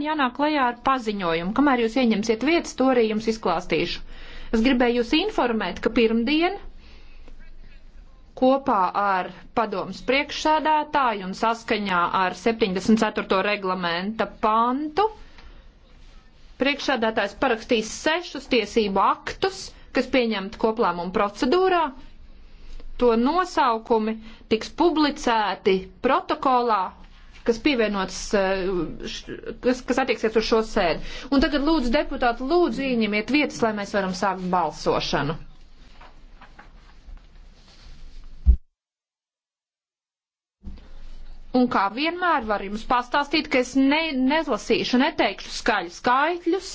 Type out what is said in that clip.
jānāk klajā ar paziņojumu. Kamēr jūs ieņemsiet vietas, to arī jums izklāstīšu. Es gribēju jūs informēt, ka pirmdien kopā ar padomus priekšsēdētāju un saskaņā ar 74. reglamenta pantu priekšsēdētājs parakstīs sešus tiesību aktus, kas pieņemti koplēmumu procedūrā. To nosaukumi tiks publicēti protokolā kas pievienots, eh, kas, kas attieksies uz šo sēdi. Un tagad lūdzu deputāti, lūdzu ieņemiet vietas, lai mēs varam sākt balsošanu. Un kā vienmēr var jums pastāstīt, ka es ne, nezlasīšu, neteikšu skaļu skaitļus.